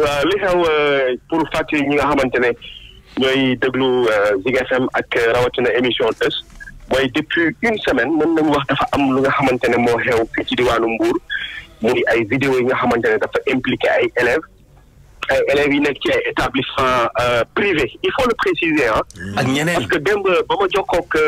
waaw li xew euh, pour fàttali ñi nga xamante ne ñooy déglu euh, Zik FM ak euh, rawatina émission Teuss mooy depuis une semaine mën nañu wax dafa am lu nga xamante ne moo xew fii ci diwaanu Mbour muy ay vidéo yi nga xamante ne dafa impliqué ay élèves ay élèves yi nekk ci ay établissement privé il faut le préciser ah. ak ñeneen parce que démb ba ma jokkook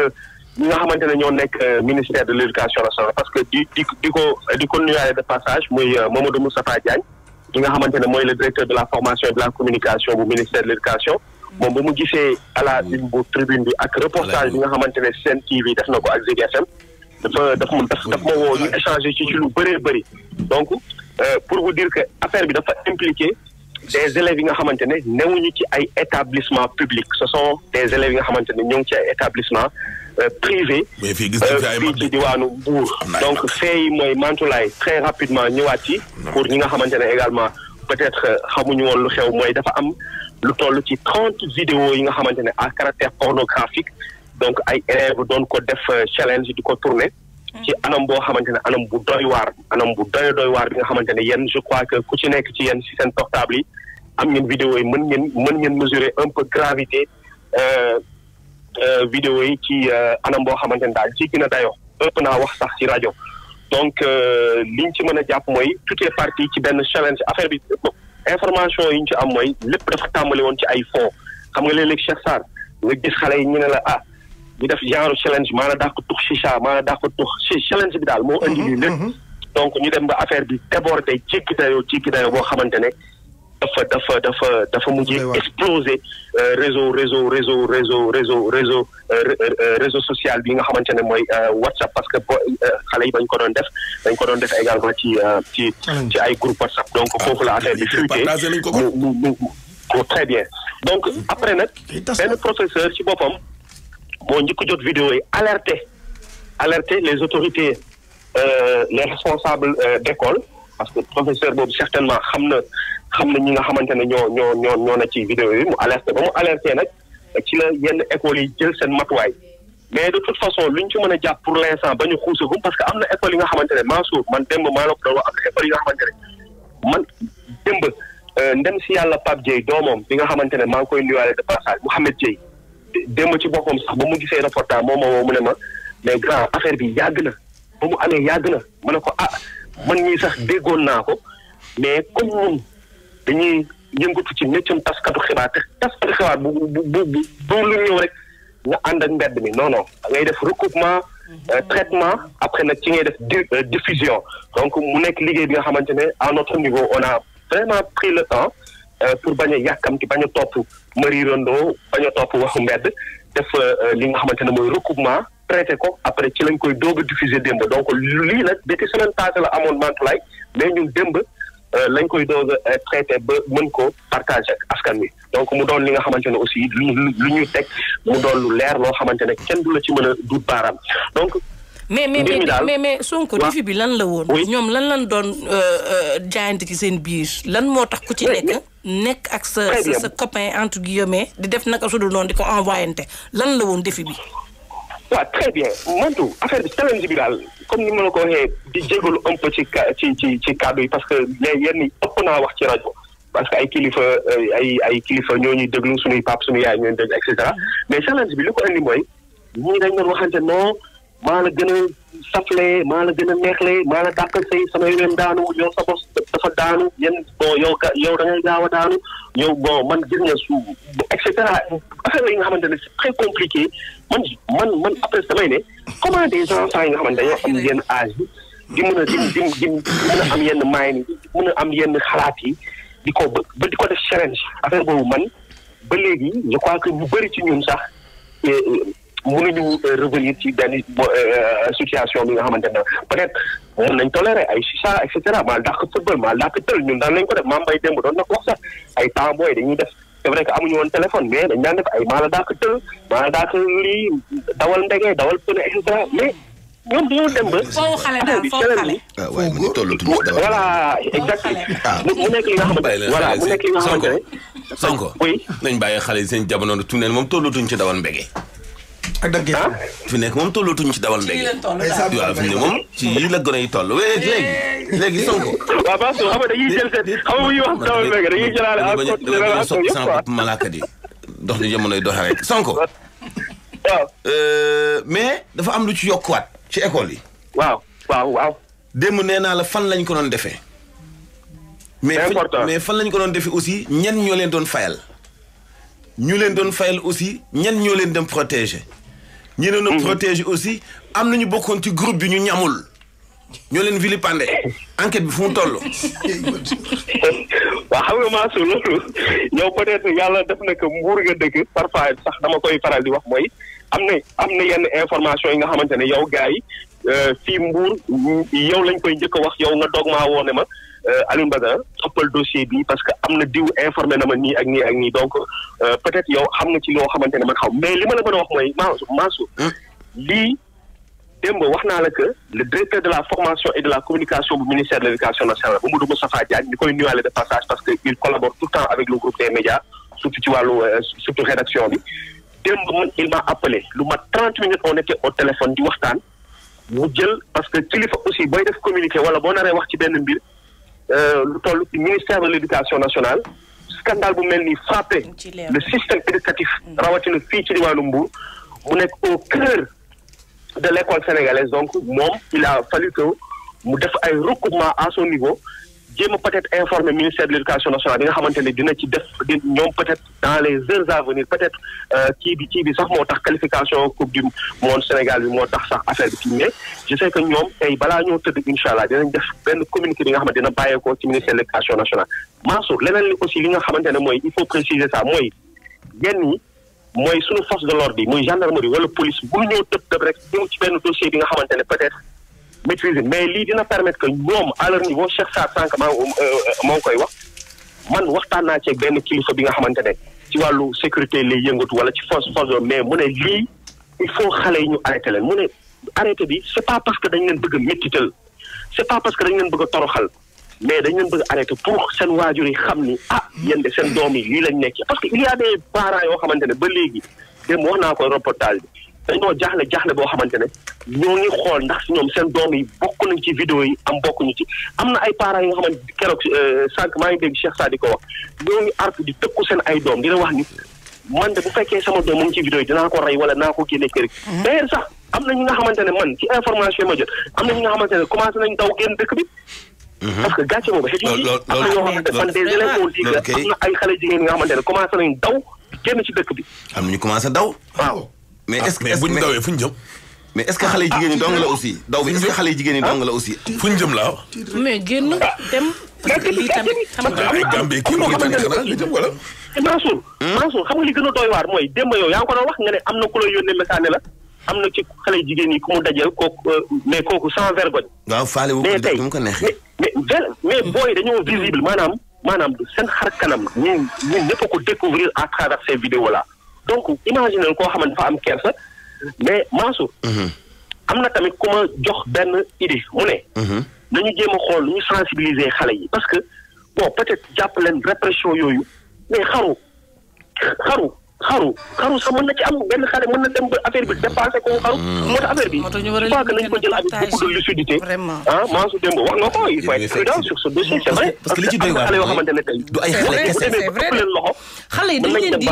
nga xamante ne ñoo nekk ministère de l' éducation nationale parce que di di di ko di ko nuyaale de passage muy Mamadou Moustapha Diagne. ki nga xamante ne mooy le directeur de la formation et de la communication bu ministère de l'éducation moom ba mu gisee à la bu tribune bi ak reportage bi nga xamante ne Sen TV def na ko ak Zik FM dafa moo ma daf ma woo ñu échanger ci ci lu bëree bëri donc euh, pour vous dire que affaire bi dafa impliqué des élèves yi nga xamante ne newuñu ci ay établissement public ce sont des élèves yi nga xamante ne ñoo ngi ci ay établissement Euh, privé. mais fi euh, ci diwaanu Mbour. donc fee yi mooy Mantoulaye très rapidement ñëwaat ci. pour ñi nga xamante ne également peut-être euh, xamuñu woon lu xew mooy dafa am lu toll ci trente vidéo yi nga xamante ne à caractère pornographique donc ay élèves doon ko def challenge di ko tourner. Hmm. ci anam boo xamante ne anam bu doy waar anam bu doy doy waar bi nga xamante ne yéen je crois que ku ci nekk ci yéen si seen portable yi am ngeen vidéo yi mën ngeen mën ngeen mesurer un peu gravité Euh, vidéo yi ci euh, anam boo xamante ne daal jéggi na dayoo ëpp naa wax sax ci rajo donc euh, liñ ci man a jàpp mooy tout est ci benn challenge affaire bi information yi ñu ci am mooy lépp dafa tàmbali woon ci ay fonds xam nga léeg-léeg Cheikh Sarr nga gis xale yi ñu ne la ah ñu def genre challenge maanaam daa ko tux chicha maanaam daa ko tux si challenge bi daal moo indi lii lépp mhm, mhm, mhm. donc ñu dem ba affaire bi débordé jéggi dayoo jéggi dayoo boo xamante ne dafa dafa dafa dafa mujjee exploser euh, réseau réseau réseau réseau réseau réseau euh, euh, réseau social bi nga xamante ne mooy WhatsApp parce que xale yi bañ ko doon def dañ ko doon def également ci ci ci ay groupe WhatsApp donc ah, foofu la affaire bi fuité mu mu mu très bien donc après nag benn professeur ci boppam moo njëkk jot vidéo yi alerter alerter les autorités les responsables d'école parce que professeur boobu certainement xam na xam na ñi nga xamante ne ñoo ñoo ñoo ñoo na ci vidéo yi mu alerté ba mu alerté nag ci la yenn écoles yi jël seen matuwaay mais de toute façon ñu ci mën a jàpp pour l' instant ba ñu xuusagum parce que am na ne Mansour man démb maa la ko doon wax am na école yi nga euh, bi nga xamante ne maa ngi koy nuyuwaale de passage Mouhamed Dieye démb ci boppam sax ba mu gisee reportage moom moo mu ne ma mais grand affaire bi yàgg na ba mu amee yàgg na ma ne ko ah. man mii sax déggoon naa ko mais comme ñun dañuy yëngatu ci méccam taskatu xibaar te taskatu xibaar bu bu bu bu lu ñëw rek nga ànd ak mbedd mi noonoo non ngay def recoupement mhm. euh, traitement après nag ci ngay def euh, diffusion donc mu nekk liggéey bi nga xamante ne à notre niveau on a vraiment pris le temps euh, pour bañ a yàkkamti bañ a topp Marie Rondo bañ a topp waxu mbedd def li nga xamante ne mooy recoupement traité ko après ci lañ koy doog a diffusé démb donc lii nag depuis semaine passée la amoon Mantoulaye mais ñun démb euh, lañ koy doog a euh, traité ba mën ko partagé ak askan wi donc mu doon li nga xamante ne aussi lu lu ñuy teg mu doon lu leer loo xamante ne kenn du la ci mën a dut baaraam donc. mais mais mais mais Sonko défi bi lan la woon. ñoom lan lan doon euh, jaayante ci seen biir lan moo tax ku ci nekk. nekk ak sa sa copin entre guillemets di def naka su dul noonu di ko envoyé lan la woon défi waaw très bien Mantou affaire bi challenge bi daal comme ni ma la ko waxee di jégalu un peu ci ci ci ci yi parce que les yenn ëpp naa wax ci rajo parce que ay kilifa euh, ay ay kilifa ñoo ñuy déglu suñuy pap suñu yaay ñooñu déglu et mais challenge bi li ko indi mooy ñii dañ doon waxante non maa la gën a saflee maa la gën a neexlee maa la dàqal say sama yeneen daanu yow sa bos dafa daanu yéen bon yow ka yow da ngay daanu yow bon man gis nga su et cetera affaire la yi nga xamante ne c'est très compliqué man man man après damay ne comment des gens saa yi nga xamante dañoo am yenn âge di mën a di di di mën a am yenn maay ni mën a am yenn xalaat yi di ko ba di ko def challenge affaire boobu man ba léegi je crois que ñu bëri ci ñun sax eh, eh, mënuñu eh, revenir ci benn situation bi nga xamante ne peut-être mën nañ tolérer ay chicha et cetera maa dàq football maa dàq tël ñun daal lañ ko def maa mbay démb doon na ko wax sax ay temps yi dañuy def c'est vrai que amuñu woon téléphone mais dañ ay maa la tël maa la dàq dawal ndege dawal pneu et cetera mais ñoom dañoo dem ba. foofu xale xale. waaw ah, waaye mu ngi tollatuñu si ah. mu nekk li nga xamante ne voilà mu nekk li nga xamante ne. Sonko Sonko. oui nañ bàyyi xale yi seen jamono tuuti neen moom tollatuñu ci dawal mbege. ak dagg ah. fi nekk moom tollatuñu ci dawal ndege. waaw fi ne moom ci yii la gone yi toll léegi léegi Sonko. waaw parce que xam nga dañuy jël seen xam nga wax dawal ndege dañuy la malaaka di dox ni jamonoy doxe euh, mais dafa am lu ci yokkuwaat ci école yi. waaw waaw démb nee naa la fan lañu ko doon defee. mais mais fan lañ ko doon defee aussi ñenn ñoo leen doon fayal. ñu leen doon fayal aussi ñenn ñoo leen dem protéger. ñeneen a mhm. protège aussi am nañu bokkoon ci groupe bi ñu ñamul ñoo leen vilipande enquête bi fu mu toll. waaw xam nga Mansour loolu yow peut yàlla def na que mbuur nga dëkk parfois sax dama koy faral di wax mooy am na am na yenn information yi nga xamante ne yow gars yi euh, fii mbuur yow lañ koy njëkk wax yow nga doog maa woone ma. Euh, Alioune Badara toppal dossier bi parce que am diw informé na ma nii ak nii ak nii donc euh, peut-être yow xam nga ci loo xamante ne man xaw mais li ma la mën a wax mooy Mansour lii démb wax naa la que le directeur de la formation et de la communication bu ministère de l'éducation nationale Mamadou Moustapha Diagne ñu koy nuyuwaale de passage parce que il collabore tout le temps avec le groupe des médias surtout euh, rédaction bi démb il m'a appelé lu mat trente minutes on était Euh, lu toll ci ministère de l' éducation nationale scandale bu mel ni frappé le système éducatif mm. rawatina fii ci diwaanu Mbour mu nekk au cœur de l' école sénégalaise donc moom il a fallu mu def ay recoupement à son niveau jéem a peut-être informer ministère de l'éducation nationale bi nga xamante ne dina ci def ñoom peut dans les heures à venir peut euh, bi sax moo tax qualification coupe du monde Sénégal bi moo tax sax affaire bi fii je sais que ñoom tey balaa ñoo tëdd incha allah dinañ def benn communiqué bi nga xamante dina bàyyeekoo ci ministère de l'éducation nationale. Mansour leneen li aussi li nga xamante ne mooy il faut préciser ça mooy yenn yi mooy suñu force de wala police bu ñëw tëb nga xamante ne peut-être. maîtriser mais lii dina permettre que ñoom à leur niveau Cheikh Sarr sànq maa moo euh, ngi koy wax man waxtaan naa ceeg benn kilifa bi nga xamante ne ci wàllu sécurité lay yëngatu wala ci force force mais mu ne lii il xale yi ñu arrêté leen mu ne arrêté bi c'est pas parce que dañ leen bëgg a méttital c'est pas parce que dañ leen bëgg a toroxal mais dañ leen bëgg a arrêté pour seen waajur yi xam ni ah yenn de seen doom yi lii lañ nekkee parce que il y a des yoo xamante ne ba léegi dem wax naa ko reportage dañ dañoo jaaxle jaaxle boo xamante ne ñoo ngi xool ndax si ñoom seen doom yi bokk nañ ci vidéo yi am bokkuñu ci am na ay parents yi nga xamante keroog euh, sànq maa ngi dégg Cheikh Sadi ko wax ñoo ngi artu seen ay doom dina wax ni man de bu fekkee sama doom mu ngi ci vidéo yi mhm. am na ñi nga xamante ne man ci information ma am na ñi xamante ne commencé nañ daw génn dëkk bi mhm. parce que gàcce boobu xëy na na ñoo xamante ne man ay xale jigéen nga xamante ne commencé nañ daw génn ci dëkk bi am na ñu commencé daw waaw mais est-ce que bu ñu fu ñu jëm. mais est-ce que ah, ah, ah, xale yu jigéen ñi dong la aussi. daw bi est-ce que fu ñu jëm laa. mais génn dem. parce que xam nga ay Gambie li jëm wala. Eh, Mansour. Hmm? Mansour xam nga li a doy waar mooy démb yow yaa ngi ko doon wax nga ne am na ku la yónnee message ne la am na ci xale jigéen yi ku mu dajeel kooku euh, mais ko def mu mais tey mais booy dañoo visible maanaam maanaam seen xar kanam ñun ñun ñëpp a ko découvrir à travers ces donc imaginer koo xam ne dafa am kersa mais Mansour. Mhm. am na tamit ku jox benn idée mu ne. Mhm. nañu jéem a xool ñu sensibiliser xale yi parce que bon peut-être jàpp leen répression yooyu mais xaru xaru xaru xaru sax mën xale dem ba affaire bi dépassé mm. a nañ xale kese c'est vrai xale yi dañu leen di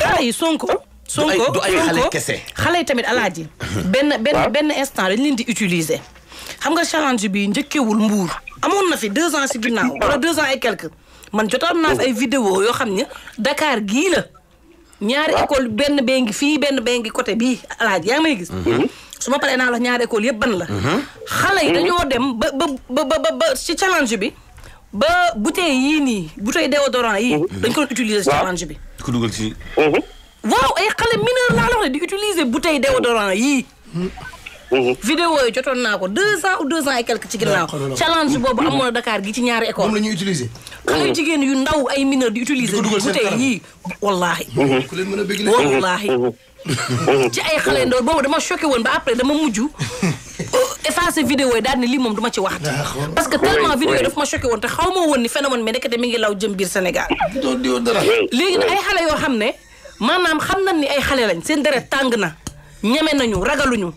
xale yi Sonko. Sonko du ay xale kese xale yi tamit alaaji. benn benn instant dañu leen di utiliser. xam nga challenge bi njëkkewul mbuur amoon na fi deux ans si ginnaaw wala deux ans et quelques man jotoon naa fi ay vidéo yoo xam ne dakaar gii la ñaari école benn bee fii benn bee ngi côté bii alaaj yaa ngi may gis. Mhm. su ma paree naa la ñaari école yëpp ban la. Mhm. xale yi mhm. dañoo dem ba ba ba ba ci challenge bi. ba bouteille yii nii bouteille déodorant yii. dañ ko doon utiliser ci challenge bi. ko dugal ci. waaw ay xale mineur laa la ne di utiliser bouteille déodorant yii. Mm-hmm. vidéo yi jotoon naa ko deux ans ou deux ans et quelques ci ginnaaw challenge boobu amoon na gi ci ñaari école moom la ñuy utiliser mm-hmm. yu ndaw ay mineur di utiliser bouteille yii wallaahi mm-hmm. ci ay xale ndaw boobu dama choqué woon après dama mujj euh, effacé vidéo yi daal lii moom du ma ci waxti parce que tellement vidéo ma choqué woon te xaw ma ni phénomène bi nekkate mi ngi law jëm biir Sénégal léegi nag ay xale yoo xam ne maanaam xam nañ ni ay xale lañ seen deret tàng na ñeme nañu ragaluñu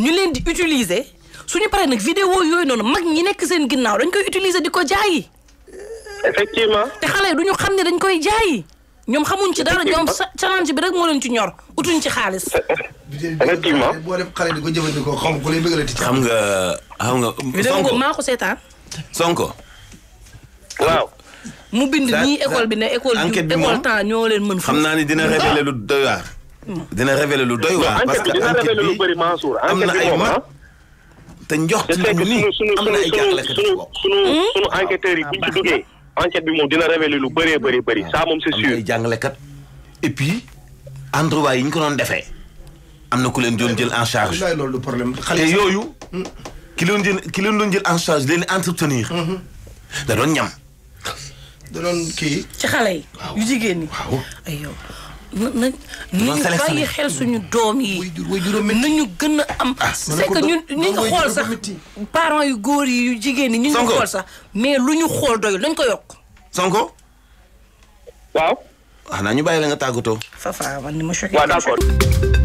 ñu leen di utiliser suñu paree nag vidéo yooyu noonu mag ñi nekk seen ginnaaw dañ koy utiliser di ko jaayi. effectivement te xale du ñu xam ne dañ koy jaayi. ñoom xamuñ ci dara ñoom challenge bi rek moo leen ci ñor utuñ ci xaalis. effectivement boo def xale ko jëfandikoo xam ko lay ci. xam nga xam nga. sonko maa ko seetaan. sonko. waaw. mu bind nii école bi ne école. enquête bi moom école temps ñoo leen mën. xam naa ni dina révéler lu doy dina révéler lu doy waar. parce que enquête bi am na ay mat te njoxte ñu ni am na ay jàngalekat yu bokk. sunu hmm? sunu enquêteurs yi buñ ci duggee. enquête bi moom dina révéler lu bëree bëri bëri ça moom c'est sûr. am na ay et puis endroit yi ñu ko doon defee. am na ku leen doon jël en charge. loolu problème xale yooyu. Hmm. ki leen jël ki doon jël en charge leen entretenir. Hmm. da doon ñam. da doon kii. ci xale yi. yu jigéen ñi. waaw na ñu bàyyi xel suñu doom yi nañu gën a am ah, c'est que ñun ñu ngi xool sax parents yu góor yi yu jigéen ñi ñu ngi xool sax mais lu ñu xool doyul dañ ko yokk Sonko waaw xanaa ñu bàyyi la nga tàggatoo Fafa man ni ma choqué waaw d'accord